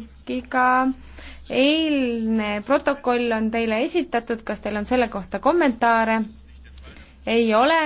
Kingiga. eilne protokoll on teile esitatud, kas teil on selle kohta kommentaare? ei ole